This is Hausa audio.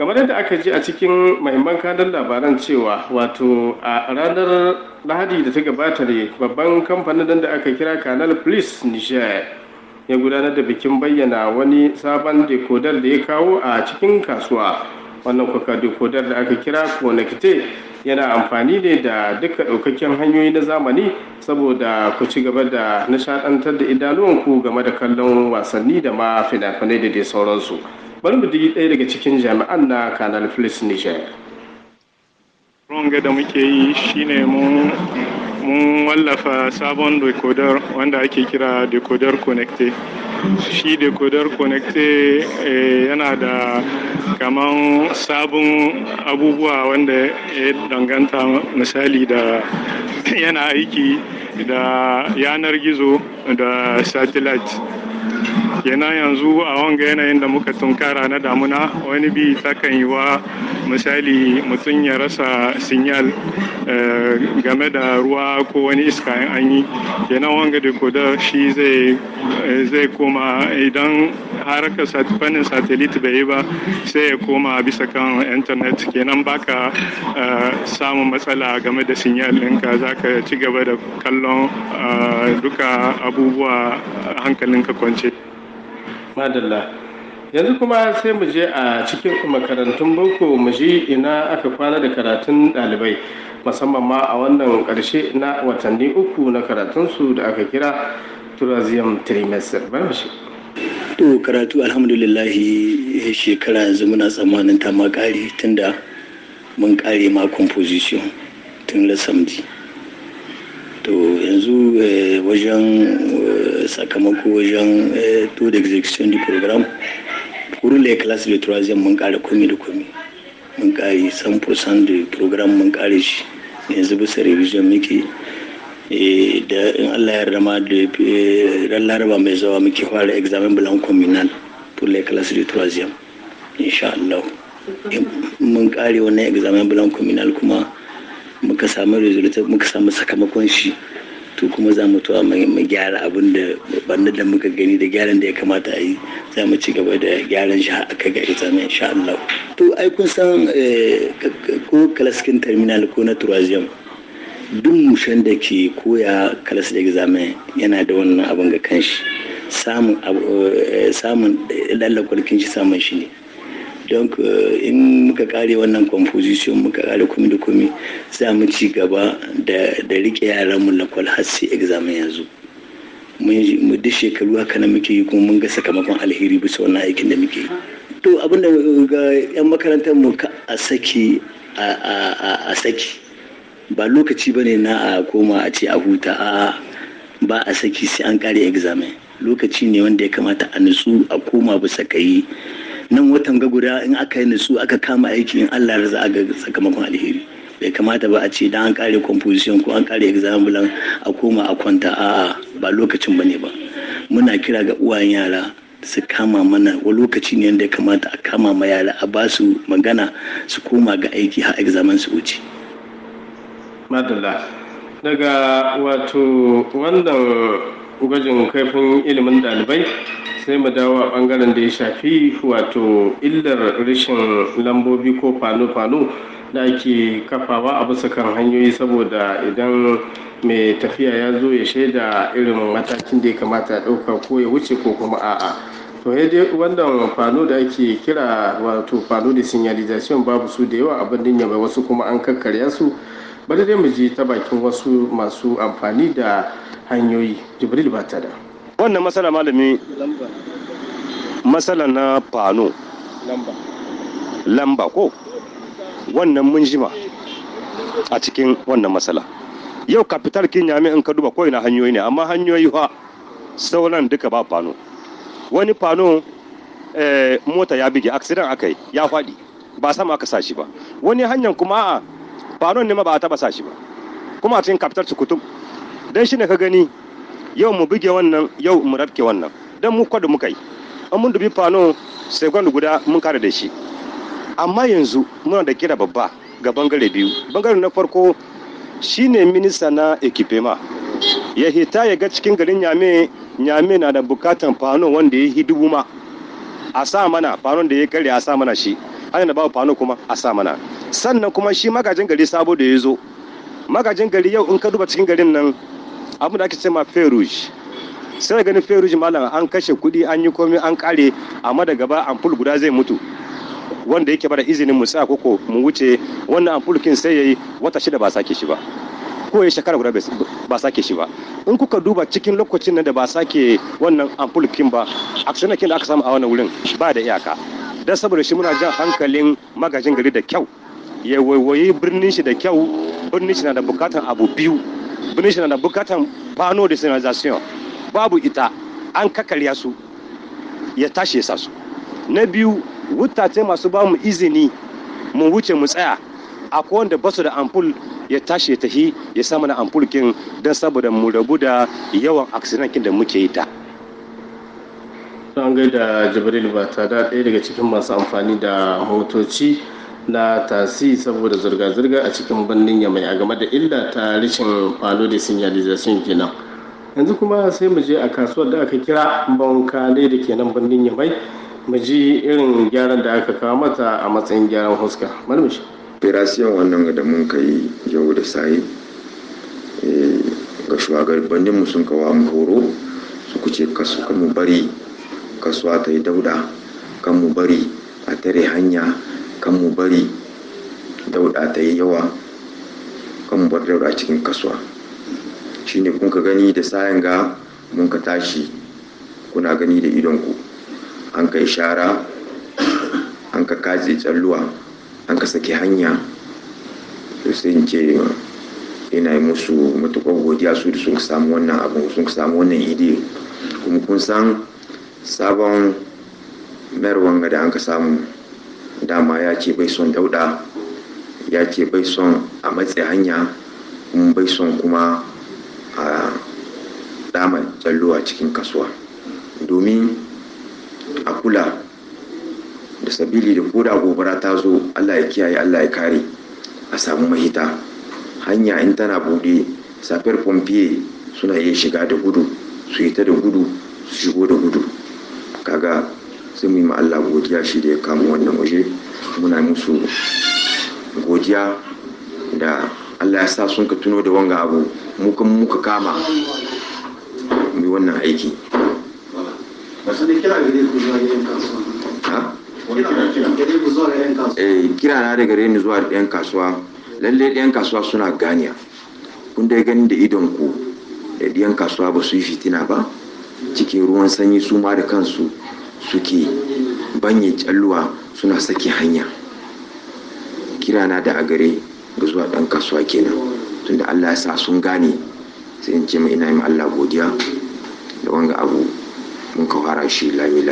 kamar yadda aka ji a cikin mahimman kanar labaran cewa wato a ranar lahadi da ta gabata ne babban kamfanin da aka kira kanal police niger ya gudanar da bikin bayyana wani sabon dekodar da ya kawo a cikin kasuwa wannan kuka dekodar da aka kira connecte yana amfani ne da duka daukakken hanyoyi na zamani saboda ku ci gaba da nishadantar da idanuwanku game da kallon wasanni da ma fina-finai da dai sauransu bari mu digi ɗaya daga cikin jami'an na kanal plus nijar. ruwan da muke yi shine ne mun wallafa sabon decoder wanda ake kira decoder connecte shi decoder connecte eh, yana da kaman sabon abubuwa wanda ya danganta misali da yana aiki da yanar gizo da satellite kenan yanzu a wanga yanayin da muka tunkara na damuna wani bi takan yi wa misali mutum ya rasa sinyal eh, game da ruwa ko wani iska in an yi kenan wanga kodar shi eh, zai koma idan haraka fannin satelit bai yi ba sai ya koma bisa kan intanet kenan baka eh, samun matsala game da sinyal ɗinka za ka ci gaba da kallon duka abubuwa hankalinka kwance. madalla yanzu kuma sai mu je a cikin makarantun boko mu ji ina aka kwana da karatun ɗalibai musamman ma a wannan ƙarshe na watanni uku na karatunsu da aka kira turazium trimester to karatu alhamdulillahi eh, shekara yanzu muna tsammanin ta ma kare tunda mun kare ma composition tun lasamdi to yanzu eh, wajen sakamako wajen eh, to da execution di program pour les classes de 3 mun kare komi da komi mun kare 100% du program mun kare shi yanzu bisa revision muke eh, da in Allah ya rama da eh, ran laraba mai zawa muke fara examen blanc communal pour les classes de 3 insha Allah mun kare wannan examen blanc communal kuma muka samu result muka samu sakamakon shi to kuma za mu tuwa mu gyara abin da banda da muka gani da gyaran da ya kamata a yi za mu ci gaba da gyaran shi aka ga ita mai insha Allah to ai kun san eh, ko kalaskin terminal ko na tourism duk mushen da ke koya kalas da examen yana da wannan abin ga kanshi samun eh, samun eh, lallakwalkin shi samun shi ne don eh, in muka kare wannan composition muka kare kumi da kumi za mu ci gaba da rike yaranmu na kwal har sai examen yanzu mu duk shekaru haka na muke yi kuma mun ga sakamakon alheri bisa wannan aikin da muke yi to abinda eh, ga 'yan makarantar mu a saki a saki ba lokaci ba ne na a koma a ce a huta a ba a saki sai an kare examen lokaci ne wanda ya kamata a nutsu a koma bisa ka nan watan ga guda in aka yi nutsu aka kama aiki in Allah ya za ga sakamakon alheri bai kamata ba a ce dan an kare composition ko an kare example a koma a kwanta a'a ba lokacin bane ba muna kira ga uwayen yara su kama mana wa lokaci ne da ya kamata a kama ma yara a ba su magana su koma ga aiki har examen su wuce. madalla daga wato wannan gwajin kaifin ilimin ɗalibai. sai mu dawo a bangaren da ya shafi wato illar rashin lambobi ko falo-falo da ake kafawa a bisa kan hanyoyi saboda idan mai tafiya ya zo ya shaida irin matakin da ya kamata ya ɗauka ko ya wuce ko kuma a'a to ya dai wannan fano da ake kira wato fano da signalization babu su da yawa abin dinya yaba wasu kuma an karkarya su bari dai mu je ta bakin wasu masu amfani da hanyoyi jibril ba ta da wannan matsala malami matsala na fano lamba ko wannan mun jima a cikin wannan matsala yau kapital kafitar kinyami in ka duba na hanyoyi ne amma hanyoyi ha sauran duka ba fano wani fano eh, mota ya bige aksidan aka yi ya faɗi ba sama aka sashi ba wani hanyar kuma a fano ne ma ba a taba sashi ba kuma a cikin kapital cikutum don shi ne ka gani yau mu buge wannan yau mu rabke wannan dan mu kwada muka yi an mun dubi fano sekwandu guda mun kare da shi amma yanzu muna da kira babba ga bangare biyu bangare na farko shine minista na ekipema ya hita ya ga cikin garin nyame nyame na da bukatan fano wanda ya yi dubu ma a sa mana fanon da ya kare a sa mana shi ana da babu fano kuma a sa mana sannan kuma shi magajin gari sabo da ya zo magajin gari yau in ka duba cikin garin nan abin da ake ce ma feruj sai ganin feruj malam an kashe kudi an yi komai an kare amma da gaba ampul guda zai mutu wanda yake bada izinin mu sa koko mu wuce wannan ampul kin sai yayi wata shida ba sake shi ba ko ya shekara guda ba sake shi ba in kuka duba cikin lokacin nan da ba sake wannan ampul kin ba aksiyona kin da aka samu a wannan wurin ba da iyaka dan saboda shi muna jan hankalin magajin gari da kyau ya waiwayi birnin shi da kyau birnin shi na da bukatan abu biyu shi na bukatan bano da sinalization babu ita an kakarya su ya tashi ya sa su. Na biyu wutace masu ba mu izini mu wuce mu tsaya a wanda ba su da ampul ya tashi ya tahi ya sa mana ampul kin don saboda mu rabu da yawan accident kin da muke yi ta. An gaida Jibril ba ta da ɗaya daga cikin masu amfani da motoci na tasi saboda zirga-zirga a cikin birnin yamai a game da illa ta rishin falo da signalization kenan yanzu kuma sai mu je a kasuwar da aka kira bankale da ke nan birnin yamai mu ji irin gyaran da aka kawo mata a matsayin gyaran huska malmishi firasiya wannan da mun kai yau da sayi eh, ga birnin mu sun kawo mu horo su kuce kasu kan mu bari kasuwa ta yi dauda kan mu bari a tare hanya kan mu bari dauda ta yi yawa kan mu bar dauda cikin kasuwa shine kun ka gani da sayan ga mun ka tashi kuna gani da idonku an ka ishara an ka kaje tsalluwa an ka saki hanya to sai in ce ina yi musu matukar godiya su da sun samu wannan abu sun samu wannan ide kuma kun san sabon wanga da an ka samu dama ya ce bai son dauda ya ce bai son a matse hanya kuma bai son kuma a dama jallo a cikin kasuwa domin a kula da sabili da koda gobara ta zo allah ya kiyaye allah ya kare a samu mahita hanya in tana bude safiyar pompiye suna iya shiga da gudu su yi ta da gudu su shigo da gudu kaga sai mu yi ma Allah godiya shi da ya kama wannan waje muna musu godiya da Allah ya sa sun ka tuno da wanga abu mu muka kama mu wannan aiki eh, kira na da reni zuwa zuwa yan kasuwa lalle yan kasuwa suna ganiya kun dai ganin da idon ku da yan kasuwa ba su yi fitina ba cikin ruwan sanyi su ma da kansu suke banye kyalluwa suna sake hanya kirana da agare gare ga zuwa dan kasuwa kenan tunda allah ya sa sun gane sai in ce mai ina yi Allah godiya da wanga abu mun ka fara shi lami